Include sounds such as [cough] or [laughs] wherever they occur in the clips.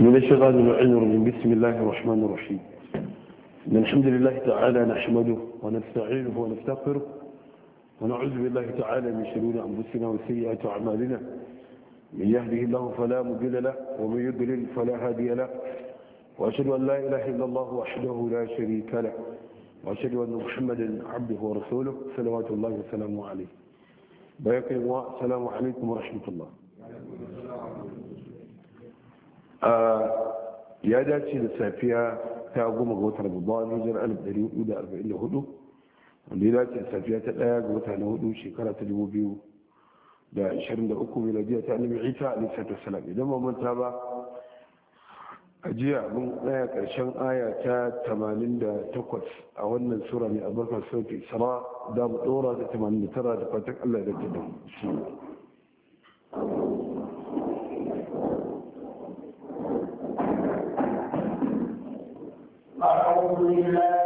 من الشغال العنر من بسم الله الرحمن الرحيم من الحمد لله تعالى نحمده ونستعينه ونستغفره ونعوذ بالله تعالى من شرور أنفسنا وسيئات أعمالنا من يهده الله فلا مضل له ومن يضلل فلا هادي له وأشهد أن لا إله إلا الله وحده لا شريك له وأشهد أن محمدا عبده ورسوله صلوات الله وسلامه عليه بيقين السلام عليكم ورحمة الله ya dace da safiya ta goma ga watan babban hijira 1444 wanda ya dace da safiya ta daya ga wata na hudu shekara ta 2023 miladiya ta annabi isa ta salam idan ba manta ba a jiya mun tsaya karshen aya ta 88 a wannan sura mai albarkar sauki sama da mu dora ta 89 da fatan Allah ya dace da mu أعوذ بالله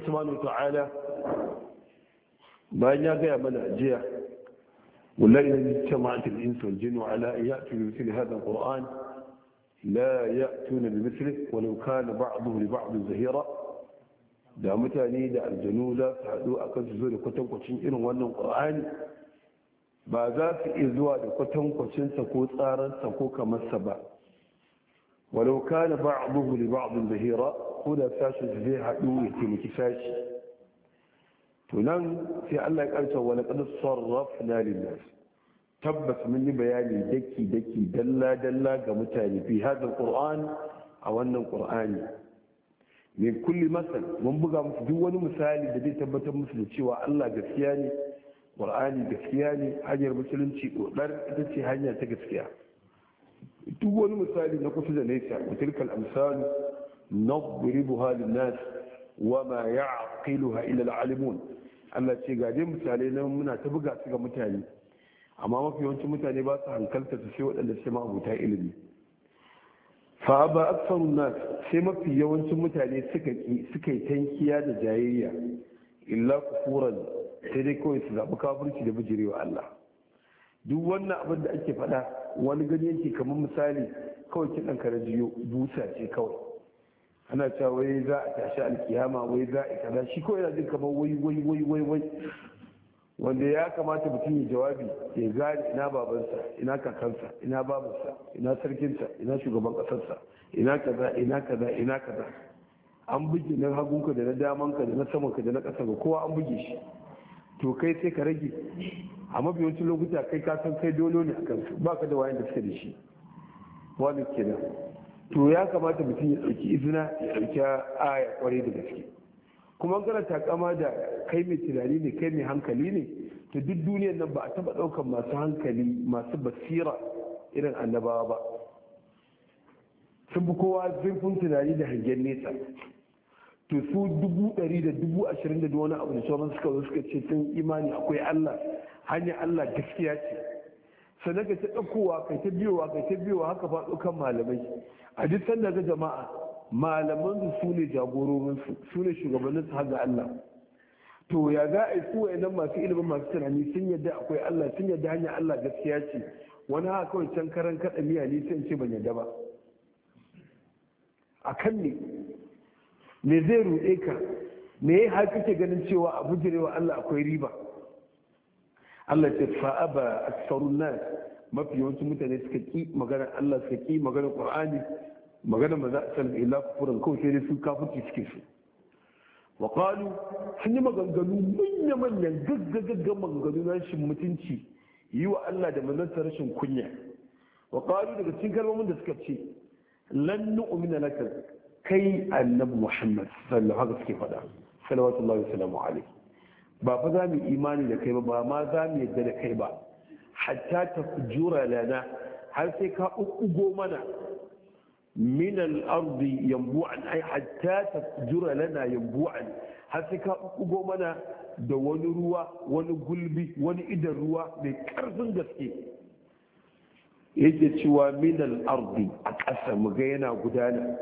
ubangiji subhanahu ta'ala bayan ya gaya mana ajiya wallahi in jama'at al-insu wal jinnu ala ya'tu bi mithli hadha al-qur'an la ya'tuna bi mithli walau kana ba'dhuhu li ba'd zahira da mutane da aljanu za su haɗu a kan su zo da kwatankwacin irin wannan ƙur'ani ba za su iya zuwa da kwatankwacinsa ko tsararsa ko kamarsa ba walau kana ba'dahu li ba'din zahira ko da sashi zai haɗu ya taimaki sashi to sai Allah ya karsa wa laqad sarrafna lin-nas tabbas mun yi bayani daki daki dalla dalla ga mutane da hada qur'an a wannan qur'ani min kulli masal mun buga masu duk wani misali da zai tabbatar musu da cewa Allah gaskiya ne qur'ani gaskiya ne hanyar musulunci dodar ita ce hanya ta gaskiya duk wani misali na kusa da nesa wa tilkal amsal nadribuha lin nas wa ma aƙilu ha ila alimun Allah ce ga misali misalai muna ta buga su ga mutane amma mafi yawancin mutane ba su hankalta su sai waɗanda sai ma ilimi fa ba aksarun nas sai mafi yawancin mutane suka yi tankiya da jayayya illa kufuran sai dai kawai su zaɓi kafirci da bijirewa Allah duk wannan abin da ake faɗa wani gani yake kamar misali kawai kiɗan karajiyo busa ce kawai ana cewa wai za a tashi alkiyama wai za a kaza shi kawai yana jin kamar wai wai wai wai wai wanda ya kamata mutum ya jawabi ya gane ina babansa ina kakansa ina babansa ina sarkinsa ina shugaban ƙasarsa ina kaza ina kaza ina kaza an buge na hagunka da na damanka da na samanka da na ƙasa ga kowa an buge shi to kai sai ka rage a mafiyancin lokuta kai ka san kai dole ne a kansu ba ka da wayan da suka da shi wani kenan to ya kamata mutum ya ɗauki izina ya ɗauki aya kwarai da gaske kuma an gana takama da kai mai tunani ne kai mai hankali ne to duk duniyar nan ba a taɓa ɗaukar masu hankali masu basira irin annabawa ba sun bi kowa zurfin tunani da hangen nesa to su dubu ɗari da dubu ashirin da wani abu da sauran suka zo suka ce sun imani akwai Allah hanyar Allah gaskiya ce sannan ka ta ɗaukowa kai ta biyowa kai ta biyowa haka faɗo kan malamai a duk sanda ga jama'a malaman su su ne jagororin su su ne shugabannin su haga Allah to ya za a yi su wa'annan masu ilimin masu tunani sun yadda akwai Allah sun yadda hanyar Allah gaskiya ce wani haka kawai can karan kaɗa miya ne sai in ce ban yadda ba a kan ne me zai ruɗe ka me ya haka ke ganin cewa a bujirewa Allah akwai riba Allah ce fa'aba aksarun nas mafi yawancin mutane suka ki magana Allah suka ki magana Qur'ani magana maza san illa kufuran kawai sai dai su kafirci suke su wa qalu sun yi maganganu manya manyan gagga maganganu na rashin mutunci yi wa Allah da manzansa rashin kunya wa qalu daga cikin kalmomin da suka ce lan nu'mina laka kai annabi muhammad sallallahu haka suke faɗa salawatullahi wasalamu alaihi ba fa za mu imani da kai ba ba ma za mu yadda da kai ba hatta ta jura lana har sai ka ugo mana min al-ardi yanbu'an ai hatta ta jura lana yanbu'an har sai ka uku mana da wani ruwa wani gulbi wani idan ruwa mai karfin gaske yake cewa min al-ardi a ƙasa mu ga yana gudana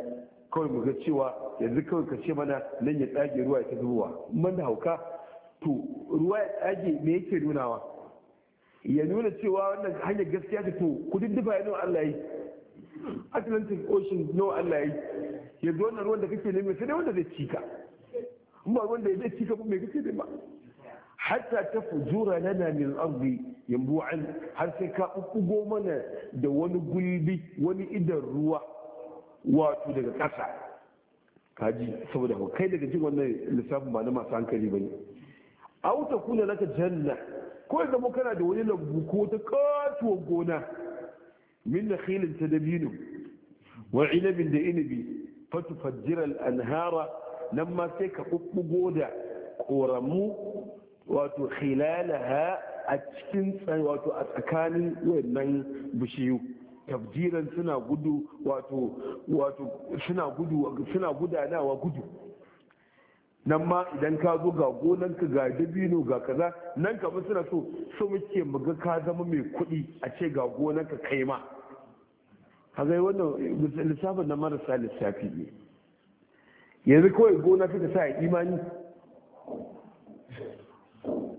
kawai mu ga cewa yanzu kawai ka ce mana nan ya tsage ruwa ya ta zubowa man da hauka to ruwa ya tsage me yake nunawa ya nuna cewa wannan hanyar gaskiya ce to kudin dufa ya nawa Allah yi Atlantic Ocean nawa Allah yi yanzu wannan ruwan da kake nemi sai dai wanda zai cika ba wanda zai cika ba me kake nema hatta ta fujura lana min ardi yambu'an har sai ka ɓuɓɓugo mana da wani gulbi wani idan ruwa wato daga ƙasa kaji saboda kai daga jin wannan lissafin ba na masu hankali ba ne auta kuna laka janna ko ya zama kana da wani lambu ko ta katuwar gona min na khilin ta dabino wa inabin da inabi fatu fajjiral anhara nan ma sai ka ɓuɓɓugo da ƙoramu wato khilalaha a cikin wato a tsakanin wayannan bishiyu tafjiran suna gudu wato wato suna gudu suna gudanawa gudu nan ma idan ka zo ga gonanka ga dabino ga kaza nan ka suna so so muke muga ka zama mai kuɗi a ce ga gonanka kai ma kaga wannan lissafin na marasa lissafi ne yanzu kawai gona suka sa imani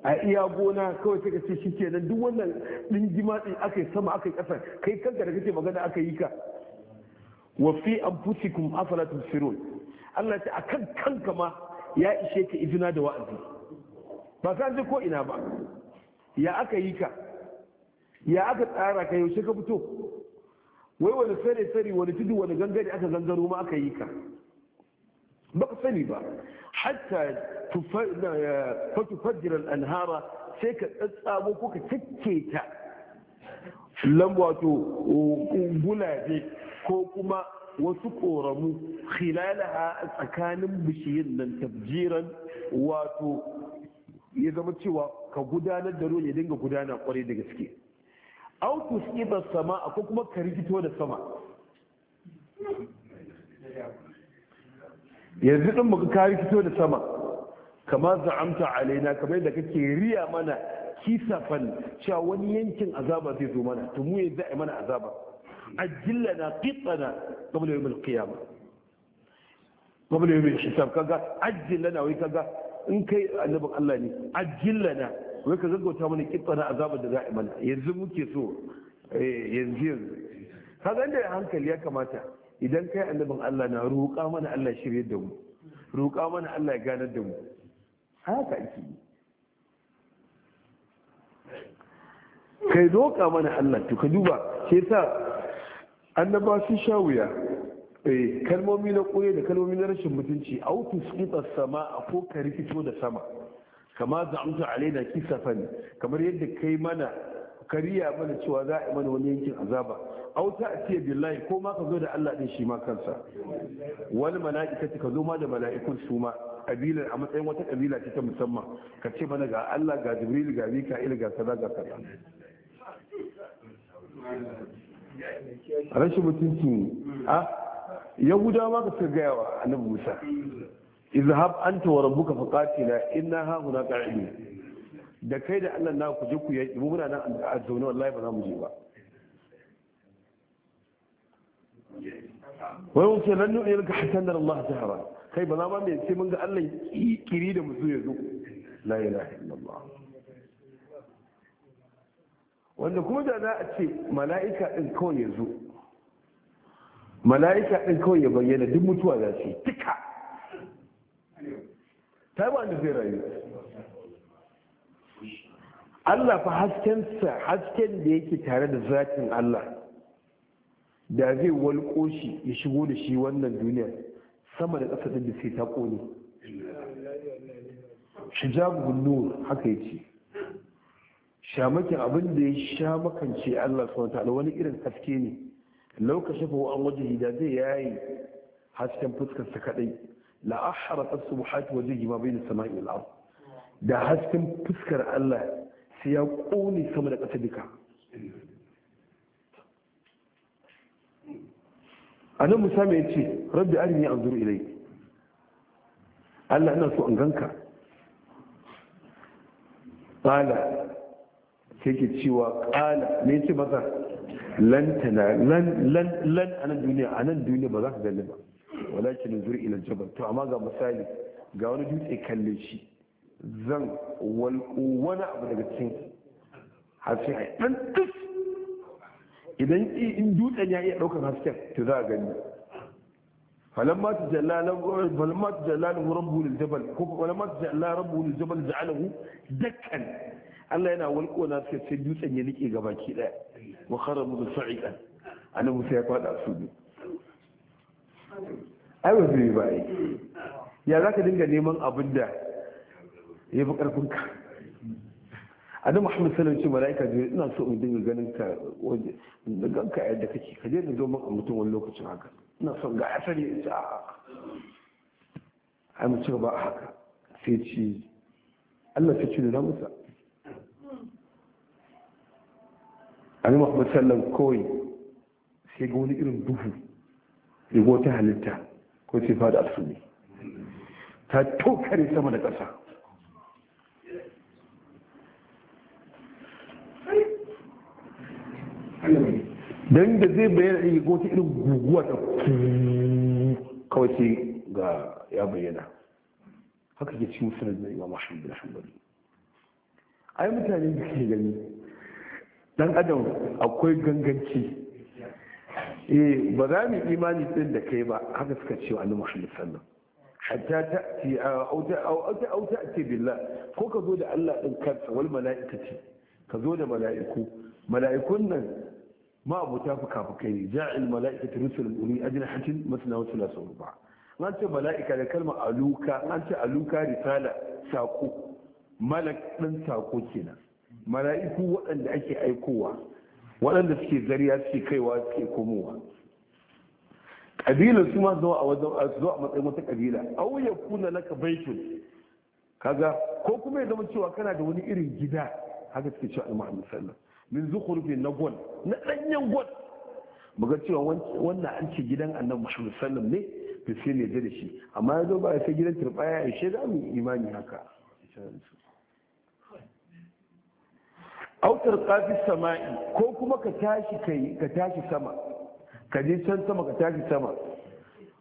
a iya gona kawai suka ce shi kenan duk wannan ɗin jima'i aka yi sama aka yi ƙasa kai kanka da kake magana aka yi ka wa fi anfusikum afala tusirun Allah ta akan kanka ma ya ishe ka izina da wa'azi ba ka je ko ina ba ya aka yi ka ya aka tsara ka yaushe ka fito wai wani sare sare wani tudu wani gangare aka gangaro ma aka yi ka ba ka sani ba hatta fatufajjir al'anhara sai ka tsatsamo ko ka cike ta wato gulabe ko kuma wasu koramu khilalaha a tsakanin bishiyin nan tabjiran wato ya zama cewa ka gudanar da ruwan ya dinga gudana kwarai da gaske au kusƙibar sama ko kuma ka rikito da sama yanzu ɗin muka kari fito da sama kamar za'amta alaina kamar yadda kake riya mana kisafan cewa wani yankin azaba zai zo mana tumu ya za'a mana azaba ajillana qitana qabla yawm al-qiyamah qabla yawm al-hisab kaga na wai kaga in kai annabin Allah ne na wai ka gaggauta mana qitana azaba da za'i mana yanzu muke so eh, yanzu yanzu kaga inda hankali ya kamata idan kai annabin Allah na roƙa mana Allah shirye da mu roƙa mana Allah ya ganar da mu haka ake yi kai roƙa mana Allah to ka duba ke sa annaba su sha wuya eh, kalmomi na ƙure da kalmomi na rashin mutunci autu skitar sama a ko ka rikito da sama kama za'amtu alaina kisafan kamar yadda kai mana kariya mana cewa za a mana wani yankin azaba Auta a ce billahi ko ma ka zo da Allah din shi ma kansa wal malaikati ka zo ma da mala'ikun su ma kabilar a matsayin wata kabila ce ta musamman ka ce mana ga Allah ga Jibril ga Mika'il ga kaza ga kaza rashin mutuncin a yahuda ma ka suka gaya wa annabi Musa izhab anta wa rabbuka faqatila inna ha huna qa'idun da kai da Allah na ku je ku yi mu muna nan a zaune wallahi ba za mu je ba wai mun ce nan nu'minu ka hasan da Allah haram? kai ba za ma mai sai mun ga Allah kiri da musu yazo la ilaha illallah wanda kuma da za a ce mala'ika din kawai yazo mala'ika din kawai ya bayyana duk mutuwa za su yi duka ta ba da zai rayu Allah fa haskensa hasken da yake tare da zatin Allah da zai walƙo shi ya shigo da shi wannan duniyar sama da ƙasa da sai ta ƙone shijabu nur haka ce, shamakin abin da ya sha makance Allah subhanahu wani irin haske ne lokacin fa an waje da zai yayi hasken fuskar kaɗai, kadai la ahrat as-subhat wajhi ma bayna samai da hasken fuskar Allah sai ya ƙone sama da ƙasa duka a nan musamman ya ce rabbi arini an zuru ilai allah ina so an ganka ƙala sai ke cewa ƙala me ce masa lantana lan a nan duniya a nan duniya ba za ka gani ba walakin zuru ila jabal to amma ga misali ga wani dutse kalle shi zan walƙo wani abu daga cikin haske a ɗan tus idan in dutsen ya iya ɗaukar hasken ta za a gani falamma ta jalla lahu rabbu lil jabal ko falamma ta jalla rabbu lil jabal ja'alahu dakkan Allah yana walƙo na sai sai dutsen ya nike gaba ki daya wa khara mu sa'iqan annabi sai ya faɗa su ai ba zai ba ya za ka dinga neman abin da ya fi karfin ka annabi muhammad sallallahu alaihi malaika jibril ina so in dinga ganin ka waje da ganka yadda kake ka je da domin a mutum wani lokacin haka ina son ga asali ya ce a ai ba ba haka sai ci Allah sai na nuna musa annabi muhammad sallallahu kawai sai ga wani irin duhu ya ta halitta ko sai fada asali ta tokare sama da ƙasa don da zai bayyana ya ga ta irin guguwa ta kawai sai ga ya bayyana haka ke cikin sunan da imam ahmad bin hanbali ai mutane da ke gani dan adam akwai ganganci eh ba za mu imani din da kai ba haka suka ce wa annabi muhammad sallallahu hatta ta'ti au auta auta ta'ti billah ko ka zo da Allah din kansa wal mala'ikati ka zo da mala'iku mala'ikun nan ma abota fuka-fukai ne ja'il mala'ika ta rusul uli ajnahatin masna wa thulatha ruba an ce mala'ika da kalmar aluka an ce aluka risala sako malak din sako kenan mala'iku waɗanda ake aikowa waɗanda suke zariya suke kaiwa suke komowa kabilar su ma zuwa a wajen zuwa a matsayin wata ƙabila aw ya kuna laka baitun kaga ko kuma ya zama cewa kana da wani irin gida haka suke cewa Muhammad sallallahu min zukhrufin na gol na danyen gol ga cewa wannan an ce gidan annabi Muhammad sallallahu alaihi wasallam ne to sai ne da shi amma yazo ba sai gidan turbaya ya she za mu imani haka autar kafi sama'i ko kuma ka tashi kai ka tashi sama ka je can sama ka tashi sama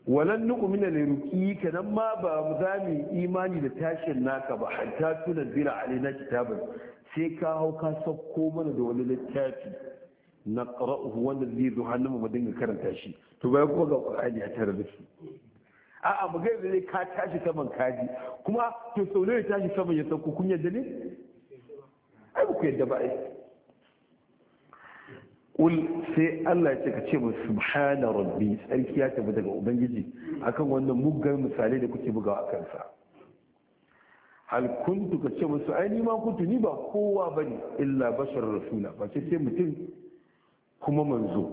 walan ne ruki ka nan ma ba mu za mu imani da tashin naka ba hatta tunzila alina kitaban sai ka hau ka sauko mana da wani littafi na ƙara'uhu wanda zai zo hannun mu dinga karanta shi to bayan kuma ga ƙwar'ani a tare da su a'a mu da ne ka tashi saman kaji kuma to sau ne ya tashi saman ya sauko kun yadda ne ai ku yadda ba ai kul sai Allah ya ce ka ce mu subhana rabbi sarki ya tafi daga ubangiji akan wannan muggan misalai da kuke bugawa a kansa Alkuntu kuntu ka ce musu ai ni ma kuntu ni ba kowa ne illa bashar rasula ba ce sai mutum kuma manzo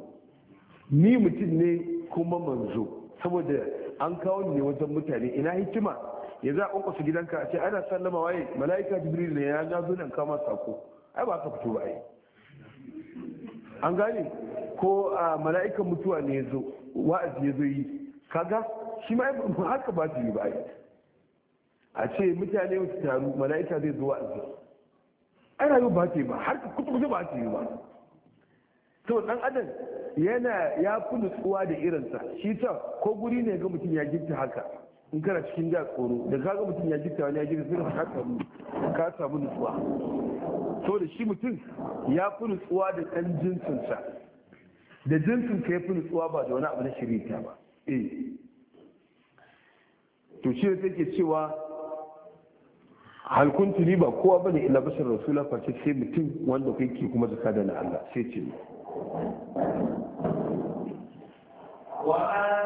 ni mutum ne kuma manzo saboda an kawo ne wajen mutane ina hikima ya za a su gidanka a ce ana sallama waye mala'ika jibril ne ya gazo nan kama sako ai ba ka fito ba ai an gane ko a mala'ikan mutuwa ne ya zo wa'azi ya zo yi kaga shi ma haka ba su yi ba ai a ce mutane su taru mala'ika zai zo a ai rayu ba ta yi ba har kusa kusa ba ta yi ba to dan adam yana ya fi nutsuwa da irinsa shi ta ko guri ne ga mutum ya gifta haka in kana cikin ja tsoro da kaga mutum ya gifta wani ya gifta sai ka samu ka samu nutsuwa to da shi mutum ya fi nutsuwa da dan jinsinsa da jinsin ka ya fi nutsuwa ba da wani abu na shirita ba eh to shi ne take cewa hal kuntu ni ba kowa bane illa bashar rasula face sai mutum wanda kai ke kuma zaka da Allah sai ce wa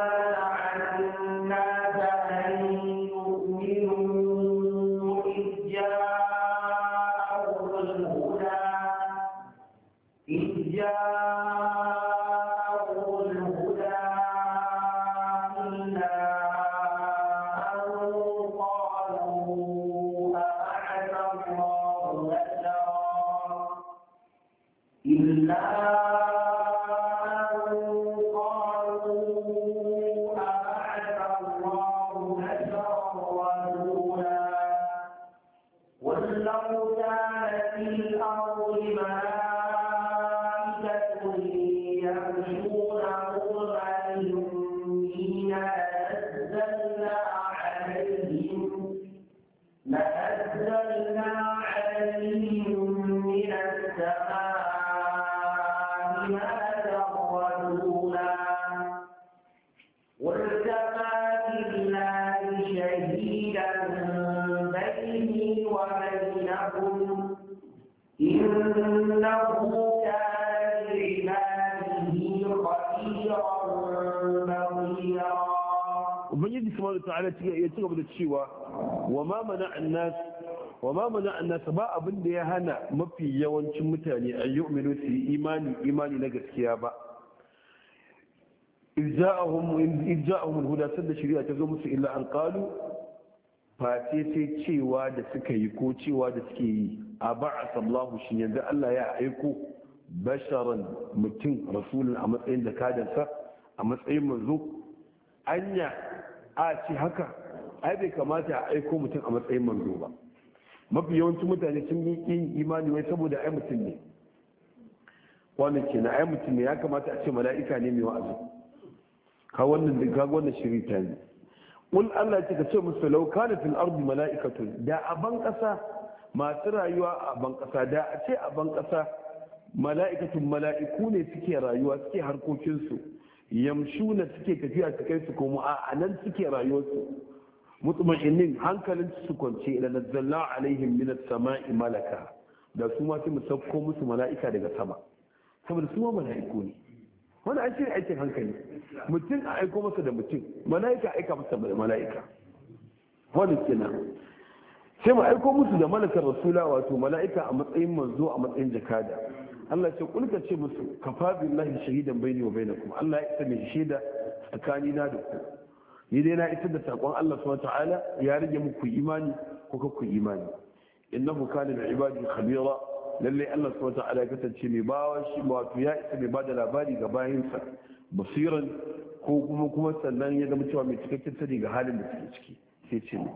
Ubangiji kuma da ta'ala ya ci gaba da cewa wa ma mana annas wa ma mana annasa ba abin da ya hana mafi yawancin mutane a yi umaru su yi imani imani na gaskiya ba a hulhu da sanda shari'a ta zo musu illa an kalu face sai cewa da suka yi ko cewa da suke yi a ba a sallahu shi yanzu Allah ya aiko basharan mutum rasulun a matsayin da kadansa a matsayin manzo anya a ce haka ai bai kamata a aiko mutum a matsayin manzo ba mafi yawancin mutane sun yi yin imani wai saboda ai mutum ne wannan ke na ai mutum ne ya kamata a ce mala'ika ne mai wa'azi ka wannan duk ka wannan shiri ta ne kul Allah ya ce musu law kana fil ardi mala'ikatun da a ban kasa masu rayuwa a ban kasa da a ce a ban kasa mala'ikatun mala'iku ne suke rayuwa suke harkokinsu yamshuna suke tafiya su kai su komo a nan suke rayuwarsu mutmainin hankalin su kwance ila nazzalna alaihim min as-sama'i malaka da su ma sai mu sauko musu mala'ika daga sama saboda su ma mala'iku ne wani an shirya aikin hankali mutum a aiko masa da mutum mala'ika aika masa da mala'ika wani kenan sai mu aiko musu da malakar rasula wato mala'ika a matsayin manzo a matsayin jakada Allah ce kulka ce musu kafa billahi shahidan baini wa bainakum Allah ya isa mai shaida tsakanina da ku ni dai na isar da sakon Allah subhanahu wata'ala ya rage muku imani ko ka ku imani inna innahu kana bi ibadi khabira lalle Allah subhanahu wata'ala ya kasance mai bawa shi wato ya isa mai bada labari ga bayinsa basiran ko kuma kuma sannan ya zama cewa mai cikakken sani ga halin da suke ciki sai ce ne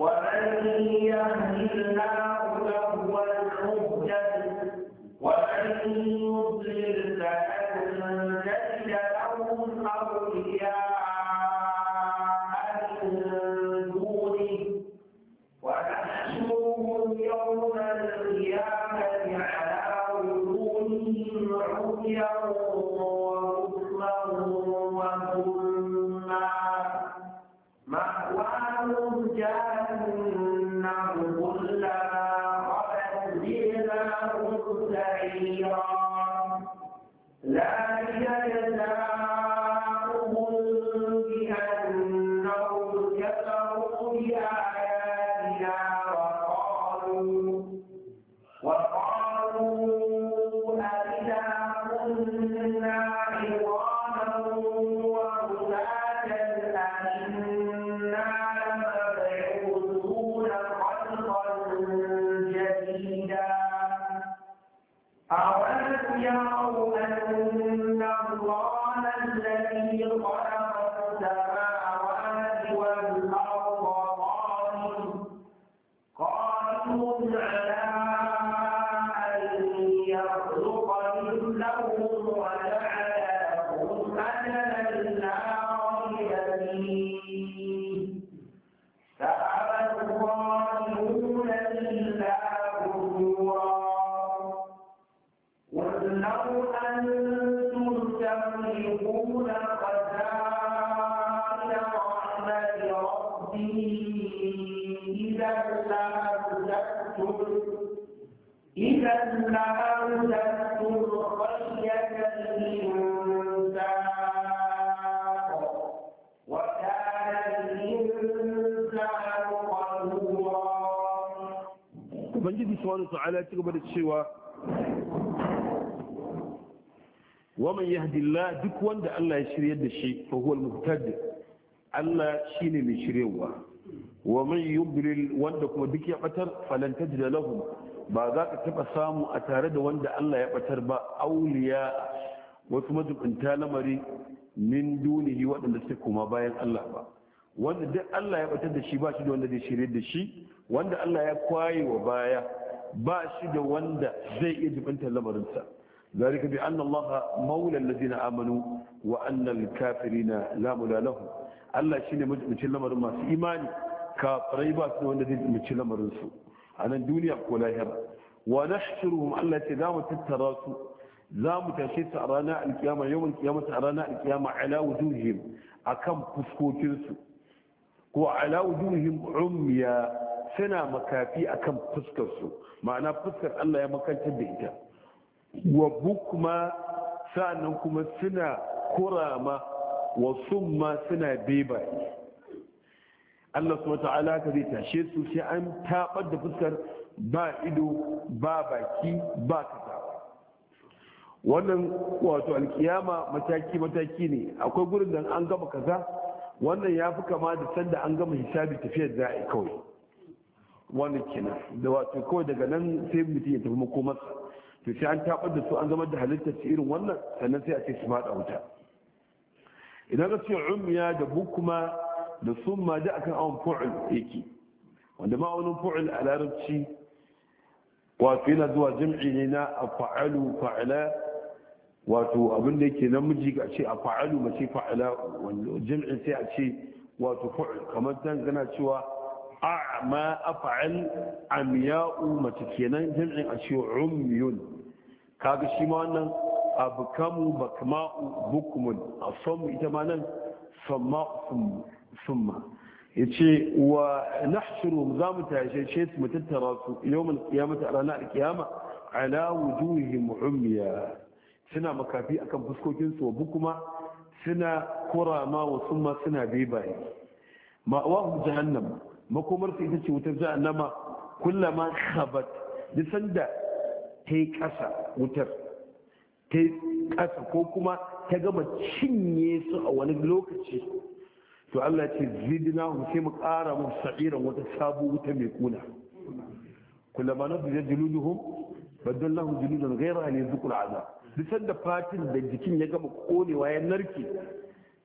ومن يهد الله فهو الحجة ومن واعلموا أنتم تملكون خزائن رحمة ربي إذا لأمسكتم إذا لأمسكتم خشية الإنسان وكان الإنسان قدورا. Ubangiji Subhanahu wa ta'ala ya ci wa man duk wanda Allah ya shirya da shi fa huwa al-muhtad Allah shine mai shiryewa wa man yudlil wanda kuma duk ya batar falan tajida lahum ba za ka taba samu a tare da wanda Allah ya batar ba auliya wasu majibinta lamari min dunihi waɗanda suka koma bayan Allah ba wanda duk Allah ya batar da shi ba shi da wanda zai shirye da shi wanda Allah ya kwaye wa baya ba shi da wanda zai iya jibinta lamarinsa ذلك بأن الله مولى الذين آمنوا وأن الكافرين لا مولى لهم Allah shine mutuncin lamarin masu imani kafirai ba su wanda zai mutuncin lamarin su a nan duniya ko lahira wa nahshuruhum Allah ce zamu tattara su zamu tashe su a ranar alkiyama yawan kiyama a ranar alkiyama ko ala wujuhihim umya suna makafi akan fuskar su ma'ana fuskar Allah ya makantar da ita wa bukma sa'annan kuma suna kurama wa summa suna beba Allah Suna ta'ala ka zai tashe su sai an taɓar da fuskar ba ido ba baki ba kaza wannan wato alkiyama mataki mataki ne akwai gurin da an gama kaza wannan ya fi kama da sanda an gama hisabi tafiyar za a yi kawai wannan kenan da wato kawai daga nan sai mutum ya tafi makomarsa to sai an tabar da su an zama da halittar su irin wannan sannan sai a ce su maɗa wuta idan ka ce umiya da bukuma da summa da akan awon fu'il yake wanda ma wani fu'il a larabci wato yana zuwa jam'i ne na a fa'alu fa'ala wato abin da yake namiji a ce a fa'alu mace fa'ala wanda jam'in sai a ce wato fu'il kamar tan gana cewa a'ma af'al amya'u mace kenan jam'in a ce umyun kaga shi ma wannan abkamu bakma'u bukmun asamu ita ma nan samma'u summa yace wa nahshuru zamu tashe shi mu tattara su yawmal qiyamati ranar qiyama ala wujuhihim umya suna makafi akan fuskokin su bukuma suna kurama wa summa suna bebaye ma'awahum jahannam makomarsa ita ce wutar jahannama kullama khabat duk sanda ta yi ƙasa wutar ta yi ƙasa ko kuma ta gama cinye su a wani lokaci to Allah ce zidina mu sai mu ƙara mu sa'iran wata sabu wuta mai kuna kullama na zuwa jiluduhum baddon lahu jiludun gaira ne zukul azab duk sanda fatin da jikin ya gama konewa ya narke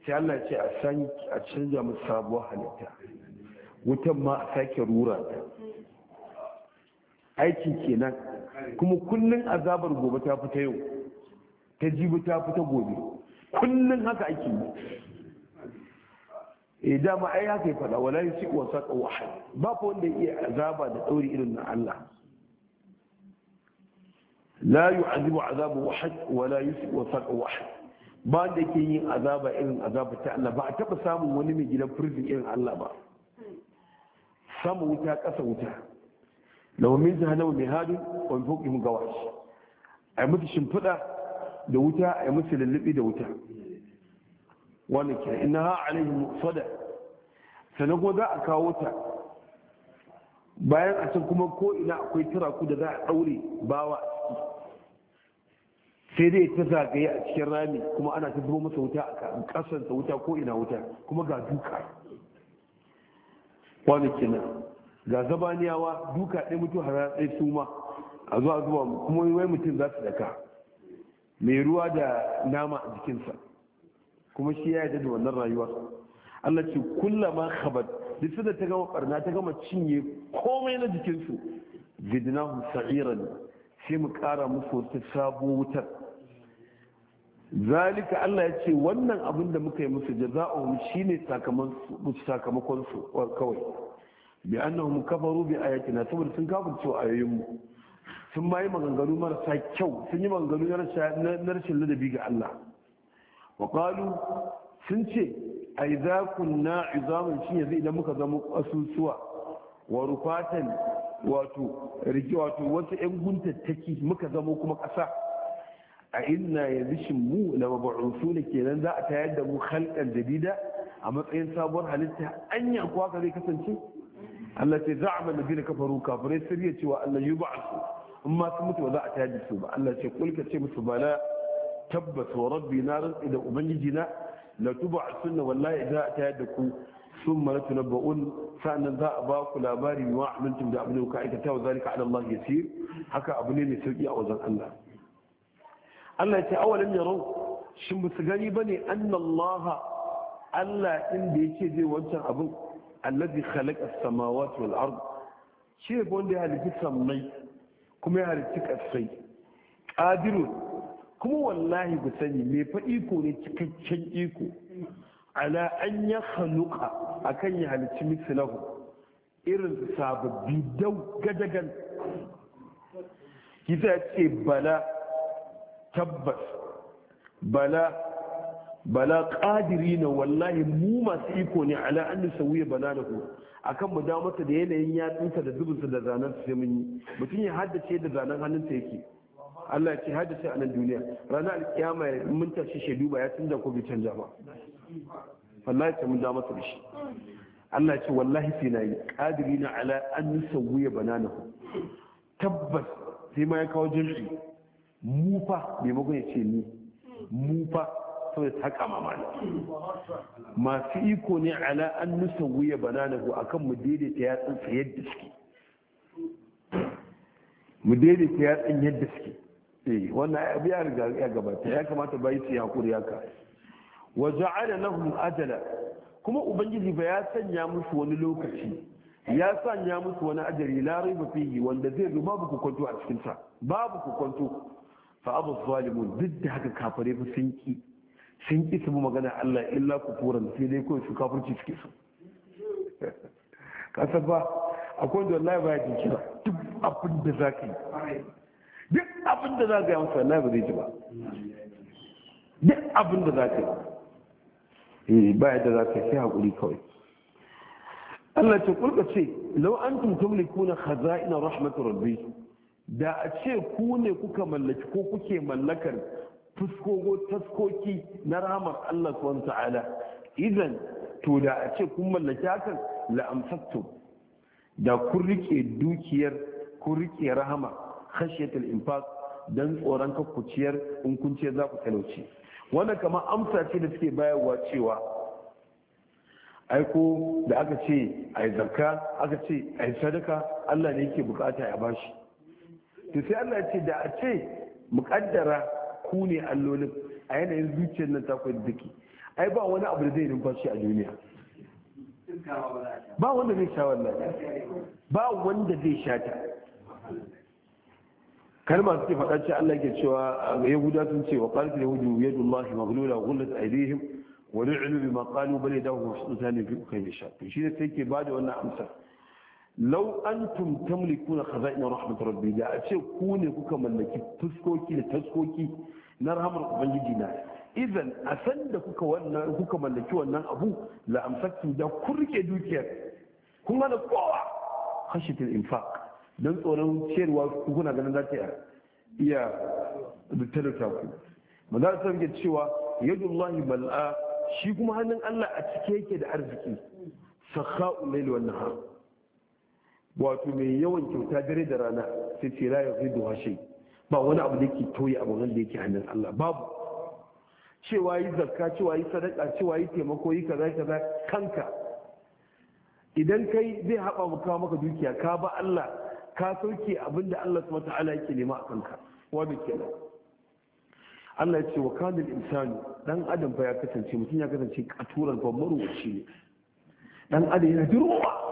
sai Allah ce a canja mu sabuwar halitta wutan ma a sake rura ta. aikin kenan kuma kullum azabar gobe ta fita yau ta jibi ta fita gobe kullum haka ake yi e dama ai haka ya fada wala yusi wa saqa wahid ba fa wanda iya azaba da dauri irin na Allah la yu'azibu azabu wahid wala yusi wa saqa wahid ba wanda yake yin azaba irin azaba ta Allah ba a taba samun wani mai gidan prison irin Allah ba sama wuta ƙasa wuta laumin jahannama mai hadu wa fuqihim A yi mutu shimfiɗa da wuta a yi mutu lullubi da wuta wannan ha a alaihim sada sannan ko za a kawo ta bayan a can kuma ko ina akwai turaku da za a daure bawa sai dai ta zagaye a cikin rami kuma ana ta zubo masa wuta a ta wuta ko ina wuta kuma ga duka wani kenan ga zabaniyawa duka ɗaya mutu har ɗaya su ma a zuwa zuwa kuma wai mutum za su daka mai ruwa da nama a jikinsa kuma shi ya yarda da wannan rayuwa Allah ce ma khabat duk da ta gama barna ta gama cinye komai na jikinsu zidnahum sa'iran sai mu kara musu wata sabuwar wutar zalika Allah ya ce wannan abin da muka yi musu jaza'uhum shine sakamakon su kawai bi annahum kafaru bi ayatina saboda sun kafirce ayoyin mu sun ma maganganu marasa kyau sun yi maganganu na rashin ladabi ga Allah wa qalu sun ce ai za kunna izaman shi yanzu idan muka zama asusuwa wa rufatan wato rike wato wasu yan guntattaki muka zama kuma ƙasa a inna yanzu shin mu la mabu'usu ne kenan za a tayar da mu khalqan jadida a matsayin sabuwar halitta anya kuwa ka zai kasance Allah ce za'ama ladina kafaru kafirai sirriya cewa Allah yub'asu in ma sun mutu ba za a tayar da su ba Allah ce kulka ce musu na tabbas wa rabbi na rantsi da ubangiji na la tub'asunna wallahi za a tayar da ku sun mara tunabba'un sa'annan za a ba ku labari wa amintum da abin da kuka aikata wa zalika ala Allah yasir haka abu ne mai sauki a wajen Allah Allah ya ce awalin yaro shi musu gani ba ne annallaha Allah inda ce zai wancan abin allazi khalaqa samawati wal ard shi ne wanda ya halitta sammai kuma ya halitta kasai qadiru kuma wallahi ku sani me fa iko ne cikakken iko ala an ya khaluqa akan ya halitta mislahu irin sababbi dau gadagan kisa ce bala tabbas bala bala qadiri na wallahi mu masu iko ne ala an ku. A akan mu dawo mata da yanayin yatsunsa da zubinsa da zanen sai mun yi mutum ya haddace da zanen hannunsa yake Allah ya ce haddace a nan duniya ranar alkiyama ya mun tashi shaidu ba ya canza ko bai canza ba wallahi ce mun dawo mata da shi Allah ya ce wallahi sai na yi qadiri na ala an da ku. tabbas sai ma ya kawo jirgi Mufa mai maimakon ya ce ni mufa, fa saboda ta kama mana masu iko ne ala an nusa wuya bananahu akan mu daidaita yatsun sa yadda suke mu daidaita yatsun yadda suke eh wannan abu ya riga ya gabata ya kamata bai su yakuri haka wa ja'ala lahum ajala kuma ubangiji ba ya sanya musu wani lokaci ya sanya musu wani ajali la raiba fihi wanda zai zo babu ku kwanto a cikin sa babu ku kwanto fa abu zalimun duk da haka kafare ba sun ki sun ki su magana Allah illa kufuran sai dai kawai su kafirci suke su [laughs] san ba akwai da wallahi ba ya ji kira duk abin da za ka yi duk abin da za ka yi masa wallahi ba zai ji ba duk abin da za ka yi eh, ba yadda za ka yi sai haƙuri kawai Allah ce kulka ce lau an tumtum likuna khaza'ina rahmatu rabbi da a ce ku ne kuka mallaki ko kuke mallakar fuskogo taskoki na rahamar Allah subhanahu ta'ala idan to da a ce kun mallaki hakan amsaktu da kun rike dukiyar kun rike rahama khashiyatul infaq dan tsoron kakkuciyar in kun ce za ku talauci wannan kamar amsa ce da suke bayarwa cewa aiko da aka ce ai zakka aka ce ai sadaka Allah ne yake bukata ya bashi to sai Allah ce da a ce muƙaddara ku ne allolin a yanayin zuciyar nan ta kwai duki ai ba wani abu da zai numfashi a duniya ba wanda zai sha wannan ba wanda zai sha ta kalma suke faɗa ce Allah ke cewa yahuda sun ce wa qalbi yahudu yadullahi maghlula ghullat aydihim wa bane da qalu bal yadahu mabsutatan fi ukhayl shaq shi ne sai ke bada wannan amsar lau an tumtam likuna khaza'ina rahmat rabbi da a ce ku ne kuka mallaki fuskoki da taskoki na rahamar ubangiji na idan a san da kuka wannan kuka mallaki wannan abu la amsaktu da rike dukiyar kun hana kowa khashitul infaq don tsoron ciyarwa kuna ganin za ta iya ta ku ba ta cewa yadullahi bal'a shi kuma hannun Allah a cike yake da arziki Saka'u layl wan nahar wato mai yawan kyauta dare da rana sai ce la yazidu washe ba wani abu da yake toye abu da yake hannun Allah babu cewa yi zakka cewa yi sadaka cewa yi taimako yi kaza kaza kanka idan kai zai haɓa maka maka dukiya ka ba Allah ka sauke abin da Allah subhanahu wataala yake nema a kanka wanda kenan Allah ya ce wa kana insani dan adam fa ya kasance mutum ya kasance katuran fa maruwaci ne dan adam yana durowa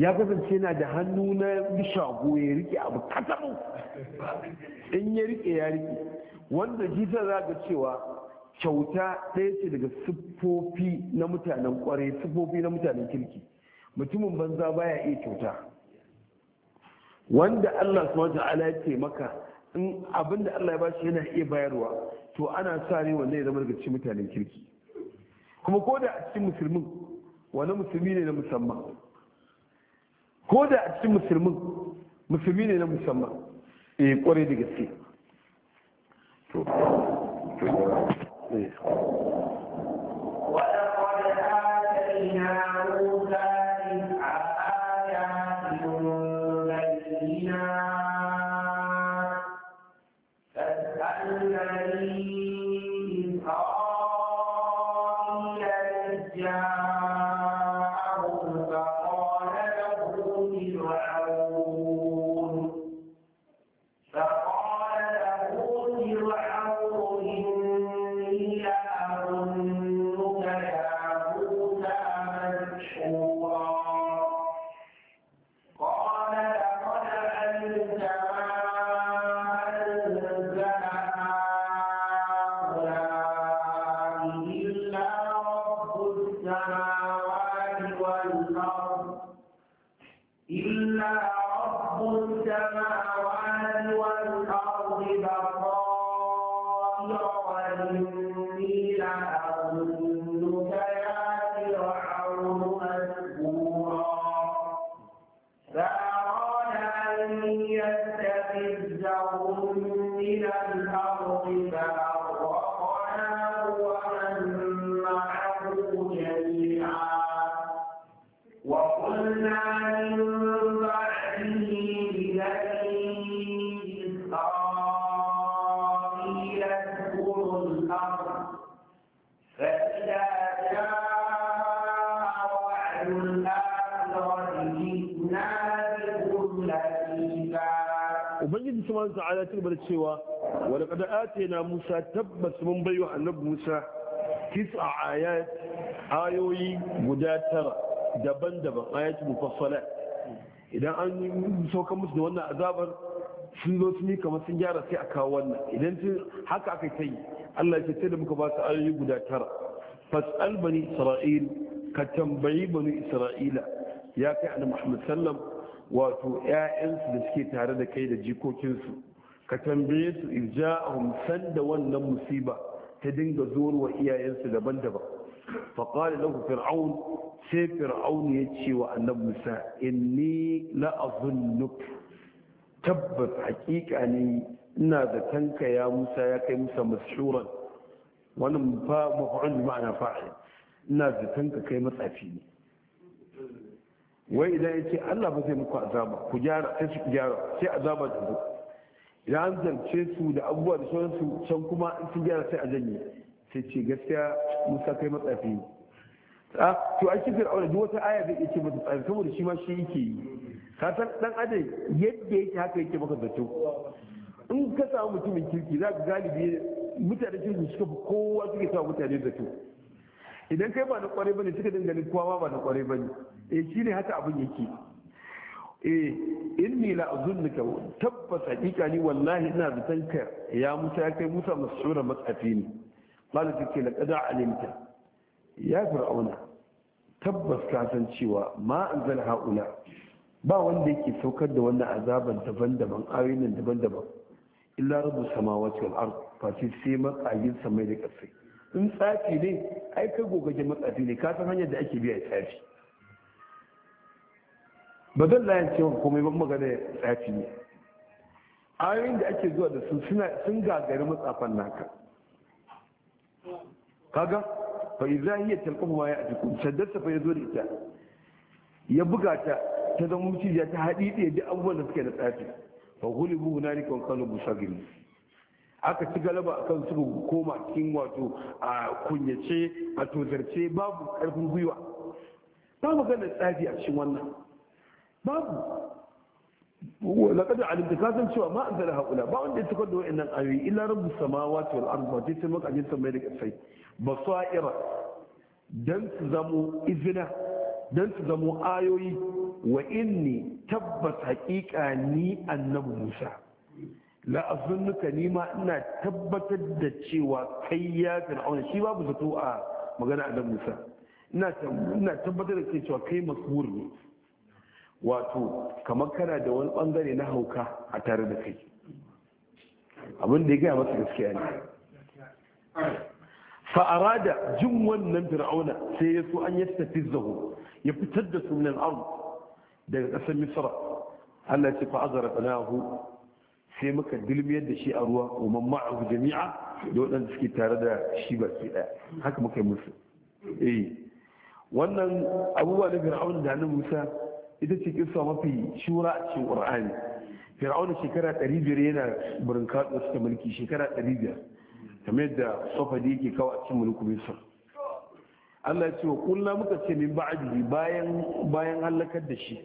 ya kasance yana da hannu na bishago ya rike abu katabu in ya rike ya rike wanda jita za ga cewa kyauta ɗaya ce daga siffofi na mutanen kwarai siffofi na mutanen kirki mutumin banza baya iya kyauta wanda Allah su wata ta'ala ya ce maka in abinda Allah ya bashi yana iya bayarwa to ana sa ne wanda ya zama daga cikin mutanen kirki kuma ko da a cikin musulmin wani musulmi ne na musamman ko da a cikin musulmin musulmi ne na musamman e eh, kwarai da gaske to eh. cewa wani kada ate na musa tabbas mun baiwa annabi musa kisa ayoyi guda tara daban-daban ayat mufassala idan an sauka musu da wannan azabar sun zo sun yi kamar sun gyara sai a kawo wannan idan sun haka aka ta yi Allah ya sai da muka ba su ayoyi guda tara fas'al bani isra'il ka tambayi bani isra'ila ya kai annabi Muhammad sallam wato 'ya'yansu da suke tare da kai da jikokinsu ka tambaye su irja'ahum sanda wannan musiba ta dinga zuwa iyayensu daban-daban faqala lahu fir'aun sai fir'aun ya ce wa annabi Musa inni la azunnuk tabbas hakika ne ina da tanka ya Musa ya kai Musa mashuran wannan fa maf'ul ma'ana fa'il ina da tanka kai matsafi ne wai idan yace Allah ba zai muku azaba ku gyara sai ku gyara sai azaba ta zo ya hanzarce su da abubuwa da sauransu can kuma in sun gyara sai a janye sai ce gaskiya musa kai matsafi a ah, to a cikin aure duk wata aya zai iya ce mata kuma saboda shi ma shi yake yi ka san dan adam yadda yake haka yake maka zato in ka samu mutumin kirki za ka galibi mutane kirki suka fi kowa suke sa mutane zato idan kai ba na kwarai bane suka dinga ganin kowa ba na kwarai bane eh shine haka abin yake eh inni la azunnuka tabbas hakika ni wallahi ina zaton ka ya mutu ya kai musa mas'ura matsafi ne qala la laqad alimta ya fir'auna tabbas ka san cewa ma anzal haula ba wanda yake saukar da wannan azaban daban-daban ayoyin daban-daban illa rabbus samawati wal ard fati sai matsayin samai da kasai in tsafi ne ai kai gogaje matsafi ne ka san hanyar da ake biya tsafi ba zan layan cewa komai ban magana ya tsafi ne ayoyin da ake zuwa da su sun gagari matsafan naka kaga fa idza hiya talqahu ma ya'tiku shaddata fa zo da ita ya buga ta ta zama muciya ta haɗiɗe da abubuwan da suke da tsafi fa hulibu hunalika wa qalu musagiri aka ci galaba kan su koma cikin wato a kunyace a tozarce babu karfin gwiwa ba magana tsafi a cikin wannan babu laƙadar alimtikasan cewa ma an zara haƙula ba wanda ya tukar da nan ayoyi illa rabu samawa ta wal'ar ba ta taimaka ajin mai da ƙasai ba su ira don su zamo izina don su zamo ayoyi wa inni tabbas haƙiƙa ni annabi musa la azunnuka ni ina tabbatar da cewa kai ya fir'auna shi babu zato a magana annabi musa ina tabbatar da cewa kai masbur ne wato kamar kana da wani bangare na hauka a tare da kai abin da ya gaya masa gaskiya ne fa'arada jin wannan fir'auna sai ya so an yi tafi ya fitar da sunan arzu daga ƙasar misra allah ce fa'azara fanahu sai muka dilmiyar da shi a ruwa umar ma'ahu jami'a da waɗanda suke tare da shi ba ke ɗaya haka muka yi musu eh wannan abubuwa na fir'auna da hannun musa ita ce kissa mafi shura a cikin qur'ani fir'auna shekara biyar yana burin kaɗo suka mulki shekara 500 kamar yadda sofadi yake kawo a cikin mulkin misr Allah ya ce wa kullum muka ce min ba'di bayan bayan halakar da shi